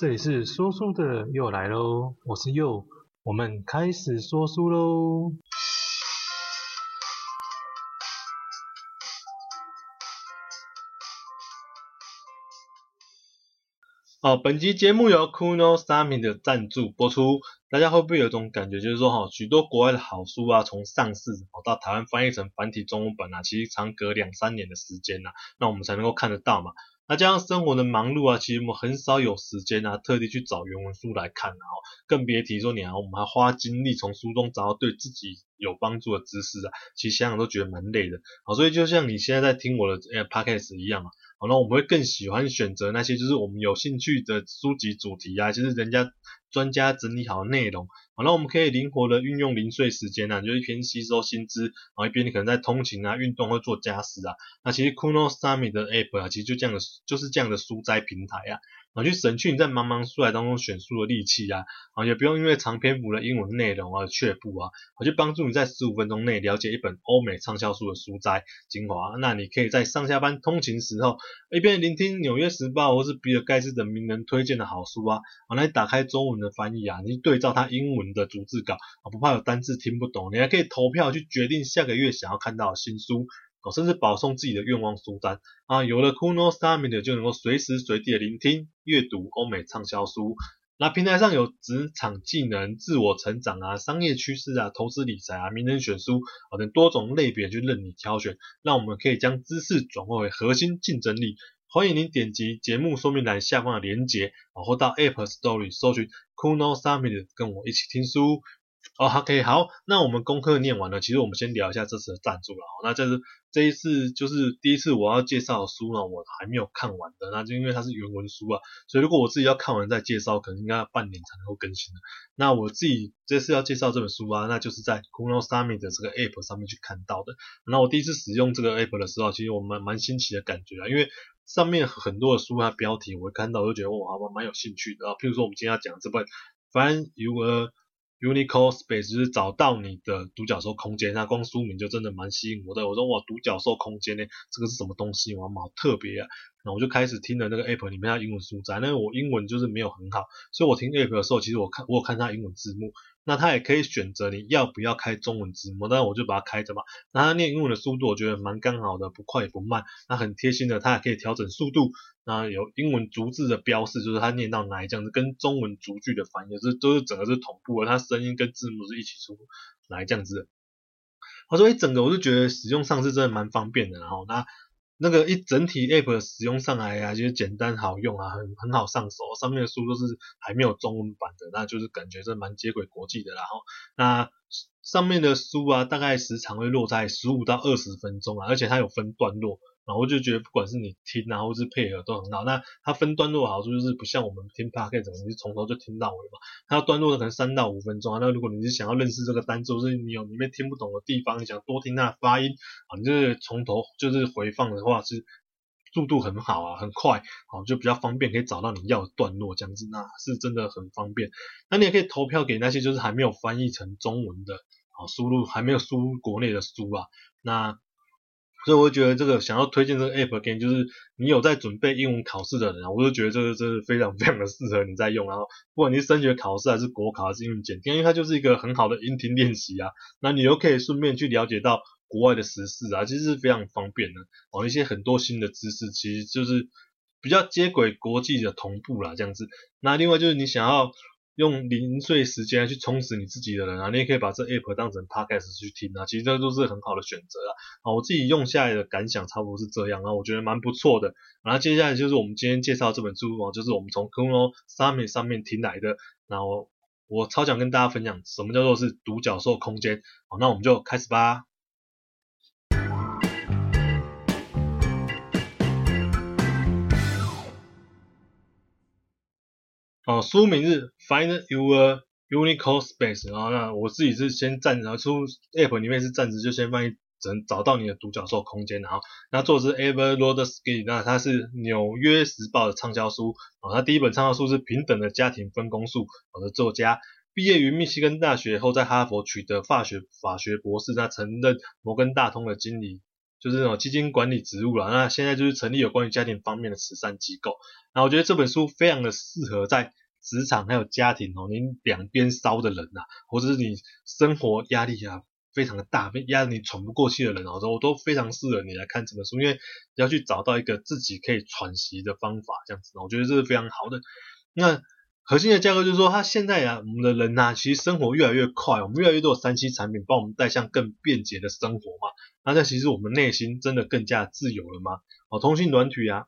這裡是說書的佑來嘍，我是佑，我們開始說書嘍。好、哦，本集節目由 Kono Summit 的贊助播出。大家會不會有一種感覺，就是說哈，許多國外的好書啊，從上市跑到台灣翻譯成繁體中文版啊，其實長隔兩三年的時間吶、啊，那我們才能夠看得到嘛。那、啊、加上生活的忙碌啊，其實我們很少有時間啊，特地去找原文書來看啊、哦，更別提說你啊，我們還花精力從書中找到對自己有幫助的知識啊，其實想想都覺得蠻累的。好，所以就像你現在在聽我的 Podcast 一樣啊，好，那我們會更喜歡選擇那些就是我們有興趣的書籍主題啊，其、就、實、是、人家專家整理好的內容。然後我們可以靈活的運用零碎時間啊，你就一邊吸收新知，然後一邊你可能在通勤啊、運動或做家事啊。那其實 Kono Summit 的 App 啊，其實就這樣的，就是這樣的書摘平台啊。然後去省去你在茫茫書海當中選書的力氣啊，啊也不用因為長篇幅的英文內容而卻步啊，我去幫助你在十五分鐘內了解一本歐美暢銷書的書摘精華。那你可以在上下班通勤時候一邊聆聽《紐約時報》或是比爾蓋茨等名人推薦的好書啊，然那你打開中文的翻譯啊，你去對照它英文的逐字稿啊，不怕有單字聽不懂，你還可以投票去決定下個月想要看到的新書。甚至保送自己的願望書單啊，有了 Kono Summit 就能夠隨時隨地的聆聽、閱讀歐美暢銷書。那平台上有職場技能、自我成長啊、商業趨勢啊、投資理財啊、名人選書啊等多種類別，就任你挑選。那我們可以將知識轉化為核心競爭力。歡迎您點擊節目說明欄下方的鏈接，然後到 App Store 裡搜尋 Kono Summit，跟我一起聽書。哦、oh，OK，好，那我們功課念完了。其實我們先聊一下這次的贊助了。那這次這一次就是第一次我要介紹的書呢，我還沒有看完的。那就因為它是原文書啊，所以如果我自己要看完再介紹，可能應該要半年才能夠更新。那我自己這次要介紹這本書啊，那就是在 Kono Summit 的這個 App 上面去看到的。那我第一次使用這個 App 的時候，其實我蠻，蠻新奇的感覺啊，因為上面很多的書它標題我看到，我就覺得哇，蠻蠻有興趣的。啊。譬如說我們今天要講這本《Find Your…… Unicorn Space 就是找到你的獨角獸空間，那光書名就真的蠻吸引我的。我說，哇，獨角獸空間呢，這個是什麼東西？哇，好特別啊！那我就開始聽了那個 App 裡面它英文書，反正我英文就是沒有很好，所以我聽 App 的時候，其實我看我有看它英文字幕。那他也可以選擇你要不要開中文字幕，當然我就把它開着吧。那他念英文的速度我覺得蠻剛好的，不快也不慢。那很貼心的，他也可以調整速度。那有英文逐字的標示，就是他念到哪一這樣子，跟中文逐句的翻譯，就是，這、就、都是整個是同步的，他聲音跟字幕是一起出來這樣子的。所以整個，我就覺得使用上是真的蠻方便的，然後那。那個一整體 app 使用上來啊，就是簡單好用啊，很很好上手。上面的書都是還沒有中文版的，那就是感覺是蠻接軌國際的啦。然後，那上面的書啊，大概時長會落在十五到二十分鐘啊，而且它有分段落。然後就覺得不管是你聽啊，或是配合都很好。那它分段落好處就是不像我們聽 podcast，你就從頭就聽到尾嘛。它段落的可能三到五分鐘啊。那如果你是想要認識這個單字，或是你有裡面聽不懂的地方，你想多聽它的發音，啊，你就是從頭就是回放的話是速度很好啊，很快，好就比較方便，可以找到你要的段落這樣子，那是真的很方便。那你也可以投票給那些就是還沒有翻譯成中文的，好輸入還沒有輸入國內的書啊，那。所以我覺得這個想要推薦這個 app，again，就是你有在準備英文考試的人啊，我就覺得這個真的、這個、非常非常的適合你在用。然後，不管你是升學考試還是國考還是英語檢定，因為它就是一個很好的音聽練習啊。那你又可以順便去了解到國外的時事啊，其實是非常方便的。哦，一些很多新的知識，其實就是比較接軌國際的同步啦，這樣子。那另外就是你想要。用零碎時間去充實你自己的人啊，你也可以把這 app 當成 podcast 去聽啊，其實這都是很好的選擇啊。啊，我自己用下來的感想差不多是這樣啊，我覺得蠻不錯的。然後接下來就是我們今天介紹這本書啊，就是我們從 Kono Summit 上面聽來的。然後我，我超想跟大家分享什麼叫做是獨角獸空間。好，那我們就開始吧。哦，書名是 Find Your Unicorn Space。啊，那我自己是先站，暫出 App 裡面是暫時就先翻譯，找到你的獨角獸空間。然後，那作者 Eve Rodsky 那他是《紐約時報》的暢銷書。啊，他第一本暢銷書是《平等的家庭分工術》。我的，作家畢業於密西根大學後，在哈佛取得法學法學博士。他曾任摩根大通的經理。就是那種基金管理職務啦，那現在就是成立有關於家庭方面的慈善機構，那我覺得這本書非常的適合在職場還有家庭哦，你兩邊燒的人吶、啊，或者是你生活壓力啊非常的大，被壓得你喘不過氣的人哦、啊，我都都非常適合你來看這本書，因為你要去找到一個自己可以喘息的方法，這樣子，我覺得這是非常好的。那核心的價格就是說，他現在呀、啊，我們的人吶、啊，其實生活越來越快，我們越來越多三 C 產品幫我們帶向更便捷的生活嘛。那但其實我們內心真的更加自由了嗎？哦，通信軟體啊，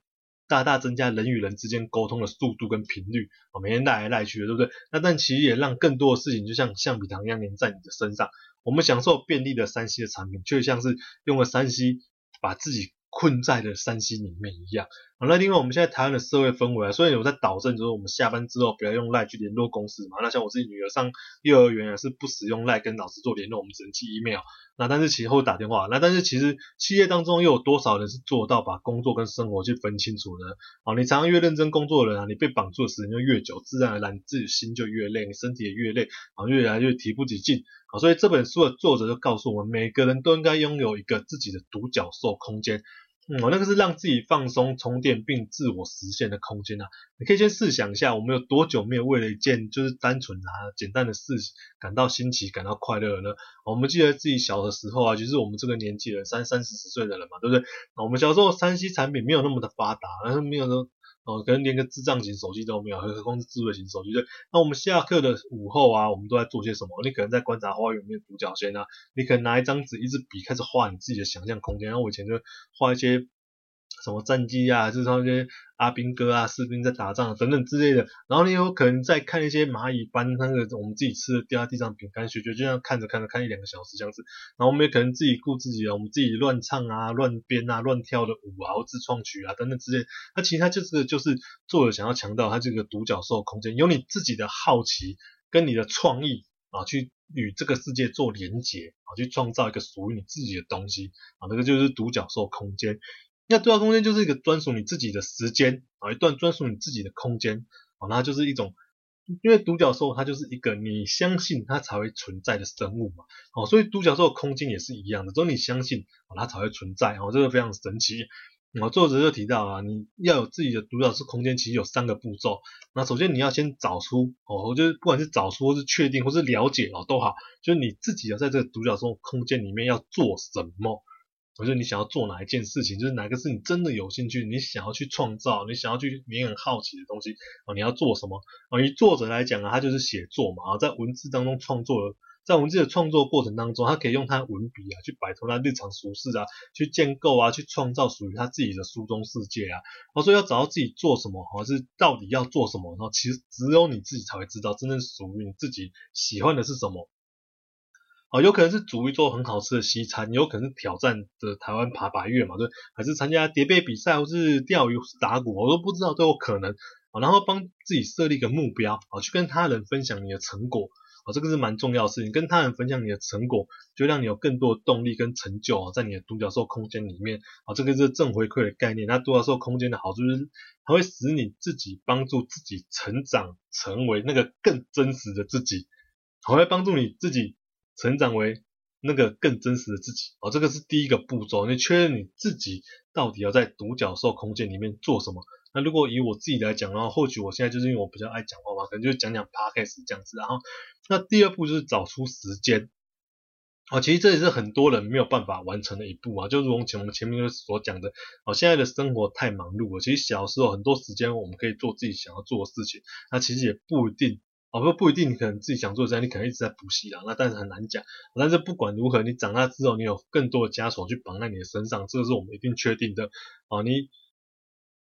大大增加人與人之間溝通的速度跟頻率。哦，每天賴來賴去的，對不對？那但其實也讓更多的事情就像橡皮糖一樣黏在你的身上。我們享受便利的三 C 的產品，卻像是用了三 C 把自己困在了三 C 裡面一樣。好，那另外，我們現在台灣的社會氛圍啊，所以有在倡導就是我們下班之後不要用 line 去聯絡公司嘛。那像我自己女兒上幼兒園啊，是不使用 line 跟老師做聯絡，我們只能寄 email。那但是其實會打電話。那但是其實企業當中又有多少人是做到把工作跟生活去分清楚呢？好，你常常越認真工作的人啊，你被綁住的時間就越久，自然而然你自己心就越累，你身體也越累，好，越來越提不起勁。好，所以這本書的作者就告訴我們，每個人都應該擁有一個自己的獨角獸空間。嗯，我那個是讓自己放鬆、充電並自我實現的空間吶、啊。你可以先試想一下，我們有多久沒有為了一件就是單純啊、簡單的事情感到新奇、感到快樂了呢？我們記得自己小的時候啊，就是我們這個年紀的三三十十歲的人嘛，對不對？我們小時候 3C 產品沒有那麼的發達，然後，沒有說。哦，可能連個智障型手機都沒有，何況是智慧型手機，對。那我們下課的午後啊，我們都在做些什麼？你可能在觀察花園裡面獨角仙啊，你可能拿一張紙、一支筆開始畫你自己的想象空間。然後我以前就畫一些。什麼戰機啊，就是那一些阿兵哥啊，士兵在打仗、等等之類的。然後你有可能在看一些螞蟻搬那個我們自己吃的掉在地上餅乾屑屑，屑就這樣看，看着看着看一兩個小時這樣子。然後我們也可能自己顧自己啊，我們自己亂唱啊、亂編啊、亂跳的舞，啊，後自創曲啊等等之類的。那其實他就是就是作者想要強調，它這個獨角獸空間，有你自己的好奇跟你的創意啊，去與這個世界做連接啊，去創造一個屬於你自己的東西啊，那個就是獨角獸空間。那獨角獸空間就是一個專屬你自己的時間啊，一段專屬你自己的空間啊，那就是一種，因為獨角獸它就是一個你相信它才會存在的生物嘛，哦，所以獨角獸的空間也是一樣的，只有你相信哦，它才會存在哦，這個非常神奇。啊，作者就提到啊，你要有自己的獨角獸空間，其實有三個步驟。那首先你要先找出哦，我覺得不管是找出或是確定或是了解哦都好，就是你自己要在這個獨角獸空間裡面要做什麼。可是你想要做哪一件事情，就是哪個是你真的有興趣，你想要去創造，你想要去你很好奇的東西啊，你要做什麼啊？以作者來講啊，他就是寫作嘛，啊，在文字當中創作，在文字的創作過程當中，他可以用他的文筆啊，去擺脫他日常俗世啊，去建構啊，去創造屬於他自己的書中世界啊。他說要找到自己做什麼，或者是到底要做什麼，然後其實只有你自己才會知道，真正屬於你自己喜歡的是什麼。哦，有可能是煮一桌很好吃的西餐，有可能是挑戰的台灣爬百岳嘛，對，還是參加疊杯比賽，或是釣魚、或是打鼓，我都不知道都有可能啊、哦。然後幫自己設立一個目標啊、哦，去跟他人分享你的成果啊、哦，這個是蠻重要的事情。跟他人分享你的成果，就讓你有更多的動力跟成就啊、哦，在你的獨角獸空間裡面啊、哦，這個是正回饋的概念。那獨角獸空間的好處就是，它會使你自己幫助自己成長，成為那個更真實的自己，還、哦、會幫助你自己。成長為那個更真實的自己，哦，這個是第一個步驟，你確認你自己到底要在獨角獸空間裡面做什麼。那如果以我自己來講的話，或許我現在就是因為我比較愛講話嘛，可能就講講 podcast 這樣子。然後，那第二步就是找出時間。哦，其實這也是很多人沒有辦法完成的一步啊，就如同前我們前面所講的，哦，現在的生活太忙碌了。其實小時候很多時間我們可以做自己想要做的事情，那其實也不一定。哦，不不一定，你可能自己想做事，但你可能一直在補習啦。那但是很難講。但是不管如何，你長大之後，你有更多的枷鎖去綁在你的身上，這個是我們一定確定的。哦，你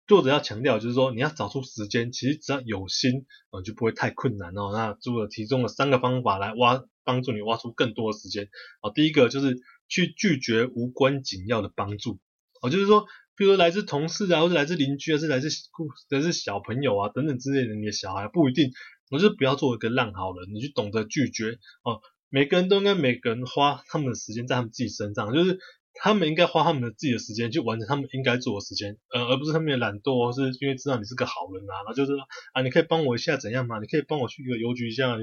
作者要強調就是說，你要找出時間，其實只要有心，呃，就不會太困難哦。那作者提出了三個方法來挖幫助你挖出更多的時間。哦，第一個就是去拒絕無關緊要的幫助。哦，就是說，譬如來自同事啊，或是來自鄰居，啊，是來自，是小朋友啊等等之類的，你的小孩不一定。我就不要做一個爛好人，你就懂得拒絕哦。每個人都應該每個人花他們的時間在他們自己身上，就是他們應該花他們的自己的時間去完成他們應該做的時間，呃，而不是他們的懶惰，是因為知道你是個好人啊，然後就是說啊，你可以幫我一下怎樣嘛，你可以幫我去一個郵局一下，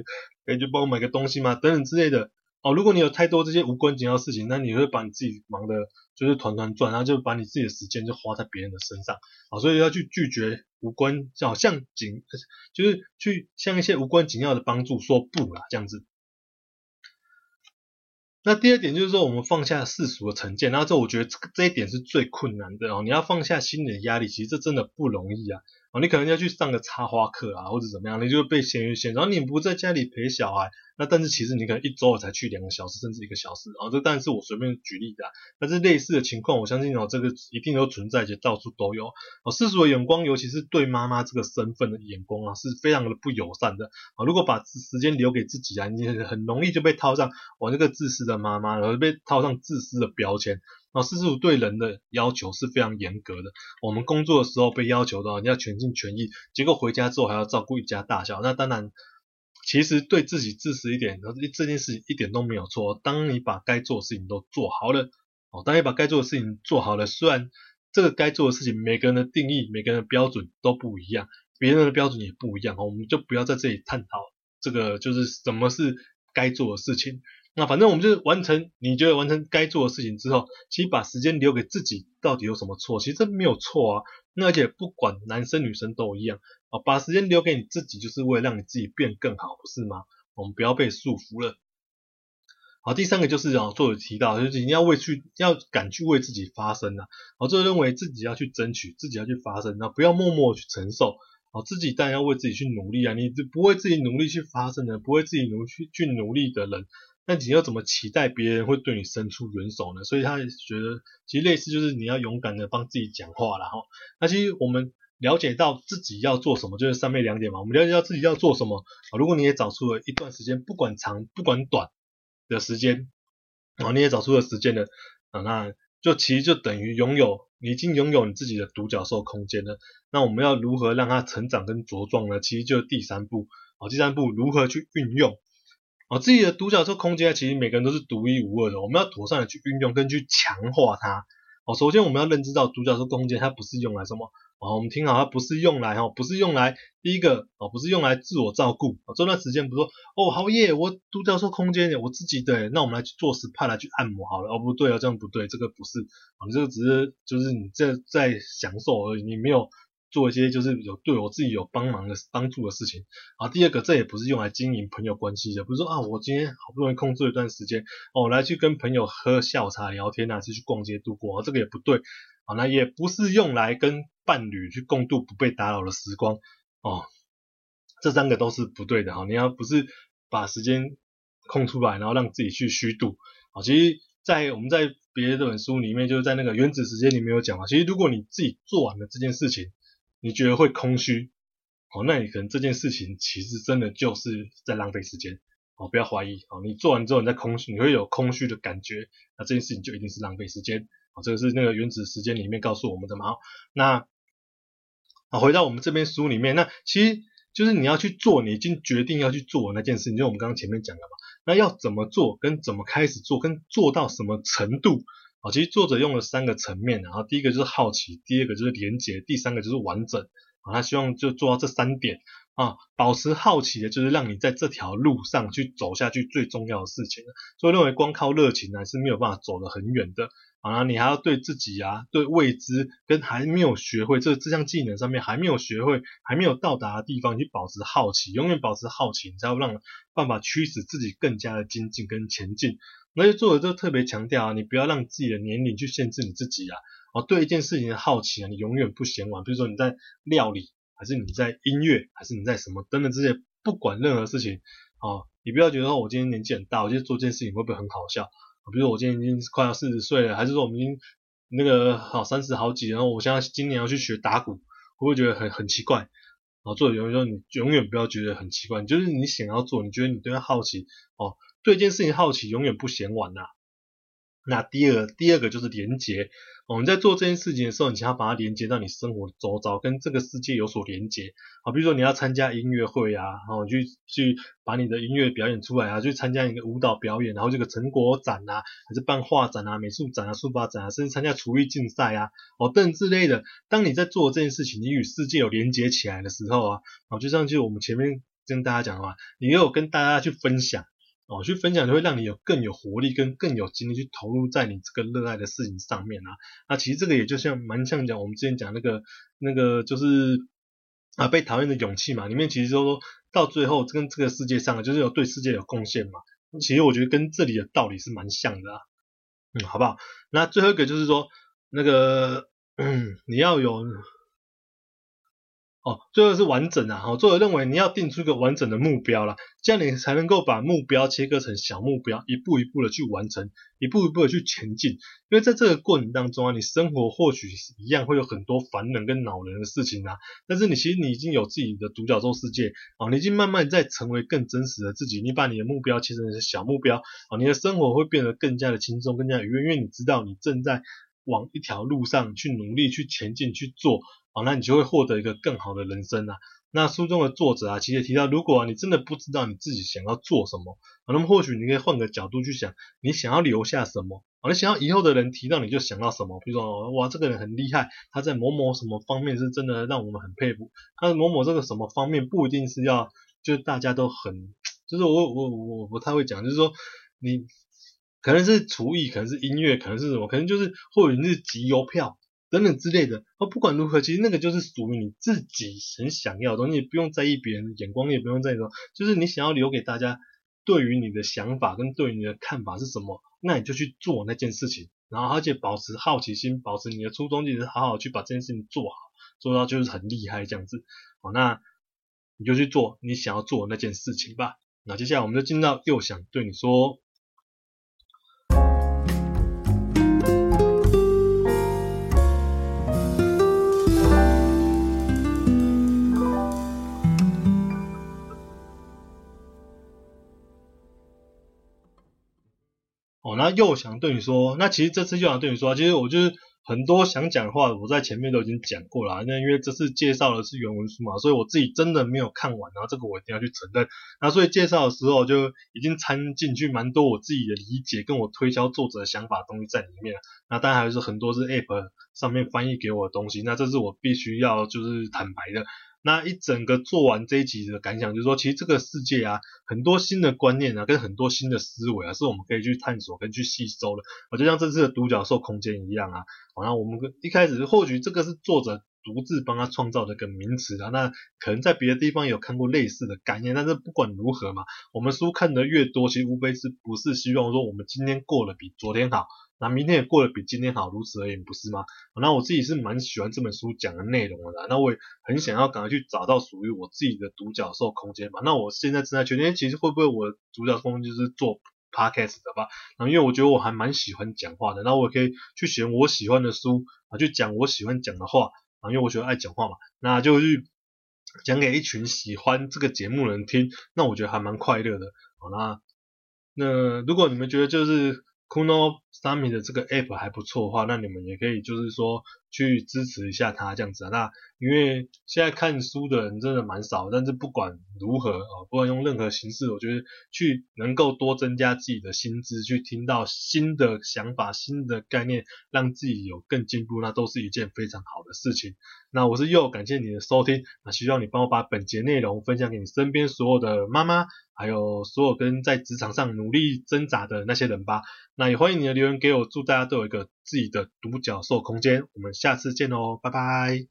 可以去幫我買個東西嗎？等等之類的。哦，如果你有太多這些無關緊要的事情，那你會把你自己忙得就是團團轉，然後就把你自己的時間就花在別人的身上。啊、哦，所以要去拒絕無關，好像緊，就是去向一些無關緊要的幫助說不啦、啊、這樣子。那第二點就是說，我們放下世俗的成見，然後這我覺得這個這一點是最困難的哦。你要放下心理的壓力，其實這真的不容易啊。啊、哦，你可能要去上個插花課啊，或者怎麼樣，你就會被閒言閒語。然後你不在家裡陪小孩，那但是其實你可能一周才去兩個小時，甚至一個小時。哦、這然這但是我隨便舉例的，但是類似的情況，我相信哦，這個一定都存在，就到處都有、哦。世俗的眼光，尤其是對媽媽這個身份的眼光啊，是非常的不友善的。啊、哦，如果把時間留給自己啊，你很容易就被套上我這、那個自私的媽媽，然後被套上自私的標籤。然後師對人的要求是非常嚴格的。我們工作的時候被要求到你要全心全意，結果回家之後還要照顧一家大小。那當然，其實對自己自私一點，這件事情一點都沒有錯。當你把該做的事情都做好了，哦、當你把該做的事情做好了，雖然這個該做的事情每個人的定義、每個人的標準都不一樣，別人的標準也不一樣，我們就不要在這裡探討這個就是什麼是該做的事情。那反正我們就是完成，你覺得完成該做的事情之後，其實把時間留給自己到底有什麼錯？其實這沒有錯啊。那而且不管男生女生都一樣啊，把時間留給你自己，就是為了讓你自己變更好，不是嗎？我們不要被束縛了。好，第三個就是啊，作者提到就是你要為去要敢去為自己發聲啊。我、啊、這認為自己要去爭取，自己要去發聲，那、啊、不要默默去承受好、啊，自己當然要為自己去努力啊。你不為自己努力去發聲的人，不為自己努力去去努力的人。那你又怎麼期待別人會對你伸出援手呢？所以他也覺得其實類似就是你要勇敢的幫自己講話了哈。那其實我們了解到自己要做什麼，就是上面兩點嘛。我們了解到自己要做什麼，如果你也找出了一段時間，不管長不管短的時間，啊，你也找出了時間了啊，那就其實就等於擁有，你已經擁有你自己的獨角獸空間了。那我們要如何讓它成長跟茁壯呢？其實就是第三步，啊，第三步如何去運用。哦，自己的獨角獸空間其實每個人都是獨一無二的。我們要妥善的去運用跟去強化它。哦，首先我們要認知到獨角獸空間它不是用來什麼。哦，我們聽好，它不是用來哈，不是用來第一個哦，不是用來自我照顧。啊，這段時間不是說哦，好耶，我獨角獸空間，我自己對，那我們來去做 SPA 來去按摩好了。哦，不對啊，這樣不對，這個不是，啊，這個只是就是你在在享受而已，你沒有。做一些就是有對我自己有幫忙的幫助的事情啊。第二個，這也不是用來經營朋友關係的，比如說啊，我今天好不容易控制了一段時間哦，來去跟朋友喝下午茶、聊天啊，是去逛街度過，哦，這個也不對。好，那也不是用來跟伴侶去共度不被打擾的時光哦。這三個都是不對的。好，哦，你要不是把時間空出來，然後讓自己去虛度。好，哦，其實，在我們在別的這本書裡面，就是在那個原子時間裡面有講嘛，其實如果你自己做完了這件事情。你覺得會空虛，那你可能這件事情其實真的就是在浪費時間，不要懷疑，你做完之後你在空虛，你會有空虛的感覺，那這件事情就一定是浪費時間，哦，這個是那個原子時間裡面告訴我們的嘛，好，那，回到我們這邊書裡面，那其實就是你要去做，你已經決定要去做的那件事情，就我們剛剛前面講的嘛，那要怎麼做，跟怎麼開始做，跟做到什麼程度。啊，其實作者用了三個層面，然後第一個就是好奇，第二個就是連結，第三個就是完整。啊，他希望就做到這三點啊，保持好奇的，就是讓你在這條路上去走下去最重要的事情。所以認為光靠熱情呢是沒有辦法走得很遠的。好啦、啊，你還要對自己啊，對未知跟還沒有學會這這項技能上面還沒有學會還沒有到達的地方，你保持好奇，永遠保持好奇，你才會讓辦法驅使自己更加的精進跟前進。那些作者都特別強調啊，你不要讓自己的年齡去限制你自己啊。哦、啊，對一件事情的好奇啊，你永遠不嫌晚。比如說你在料理，還是你在音樂，還是你在什麼等等這些，不管任何事情啊，你不要覺得說我今天年紀很大，我今天做這件事情會不會很好笑？比如說我今年已經快要四十歲了，還是說我們已經那個好三十好幾？然後我現在今年要去學打鼓，我會覺得很很奇怪。然、哦、後做的永遠說，你永遠不要覺得很奇怪，就是你想要做，你覺得你對它好奇哦，對一件事情好奇，永遠不嫌晚吶、啊。那第二第二個就是連接我、哦、你在做這件事情的時候，你想要把它連接到你生活的周遭，跟這個世界有所連接。好，比如說你要參加音樂會啊，然、哦、後去去把你的音樂表演出來啊，去參加一個舞蹈表演，然後這個成果展啊，還是辦畫展啊、美術展啊、書法展啊，甚至參加廚藝競賽啊，哦，等等之類的。當你在做這件事情，你與世界有連接起來的時候啊，好，就像就是我們前面跟大家講的話，你也有跟大家去分享。哦，去分享就會讓你有更有活力，跟更有精力去投入在你這個熱愛的事情上面啊。那、啊、其實這個也就像蠻像講我們之前講那個那個就是啊被討厭的勇氣嘛，裡面其實就是說到最後跟這個世界上啊，就是有對世界有貢獻嘛。其實我覺得跟這裡的道理是蠻像的、啊，嗯，好不好？那最後一個就是說那個嗯，你要有。哦，最後是完整啊！哦，作者認為你要定出一個完整的目標啦，這樣你才能夠把目標切割成小目標，一步一步的去完成，一步一步的去前進。因為在這個過程當中啊，你生活或許一樣會有很多煩人跟惱人的事情啦，啊，但是你其實你已經有自己的獨角獸世界啊，你已經慢慢在成為更真實的自己。你把你的目標切成小目標啊，你的生活會變得更加的輕鬆，更加的愉悅，因為你知道你正在。往一條路上去努力，去前進，去做，好，那你就會獲得一個更好的人生吶、啊。那書中的作者啊，其實提到，如果、啊、你真的不知道你自己想要做什麼，那麼或許你可以換個角度去想，你想要留下什麼？你想要以後的人提到你就想到什麼？比如說，哇，這個人很厲害，他在某某什麼方面是真的讓我們很佩服。他某某這個什麼方面不一定是要，就是大家都很，就是我我我不太會講，就是說你。可能是廚藝，可能是音樂，可能是什麼，可能就是或者是集郵票等等之類的。哦，不管如何，其實那個就是屬於你自己很想要的東西，你不用在意別人眼光，也不用在意說，就是你想要留給大家對於你的想法跟對於你的看法是什麼，那你就去做那件事情，然後而且保持好奇心，保持你的初衷，就是好好去把這件事情做好，做到就是很厲害這樣子。好，哦，那你就去做你想要做的那件事情吧。那接下來我們就進到又想對你說。哦，那又想對你說，那其實這次又想對你說，其實我就是。很多想講的話，我在前面都已經講過了。那因為這次介紹的是原文書嘛，所以我自己真的沒有看完，然後這個我一定要去承認。那所以介紹的時候就已經摻進去蠻多我自己的理解，跟我推銷作者的想法東西在裡面了。那當然還是很多是 App 上面翻譯給我的東西，那這是我必須要就是坦白的。那一整個做完這一集的感想，就是說，其實這個世界啊，很多新的觀念啊，跟很多新的思維啊，是我們可以去探索跟去吸收的。我就像這次的獨角獸空間一樣啊，好像我們一開始或許這個是作者獨自幫他創造的一個名詞啊，那可能在別的地方有看過類似的概念，但是不管如何嘛，我們書看得越多，其實無非是不是希望說我們今天過得比昨天好。那明天也過得比今天好，如此而已，不是嗎？那我自己是蠻喜歡這本書講的內容的，啊，那我也很想要趕快去找到屬於我自己的獨角獸空間嘛。那我現在正在確定，其實會不會我獨角獸空間就是做 podcast 的吧？然後因為我覺得我還蠻喜歡講話的，那我也可以去選我喜歡的書啊，去講我喜歡講的話啊，因為我喜歡愛講話嘛。那就去講給一群喜歡這個節目的人聽，那我覺得還蠻快樂的。好，啦，那如果你們覺得就是 Kono Summit 的這個 app 還不錯的話，那你們也可以就是說去支持一下他這樣子啊。那因為現在看書的人真的蠻少，但是不管如何啊，不管用任何形式，我覺得去能夠多增加自己的心智，去聽到新的想法、新的概念，讓自己有更進步，那都是一件非常好的事情。那我是佑，感謝你的收聽，那希望你幫我把本節內容分享給你身邊所有的媽媽，還有所有跟在職場上努力掙扎的那些人吧。那也歡迎你的。留言給我，祝大家都有一個自己的獨角獸空間。我們下次見哦，拜拜。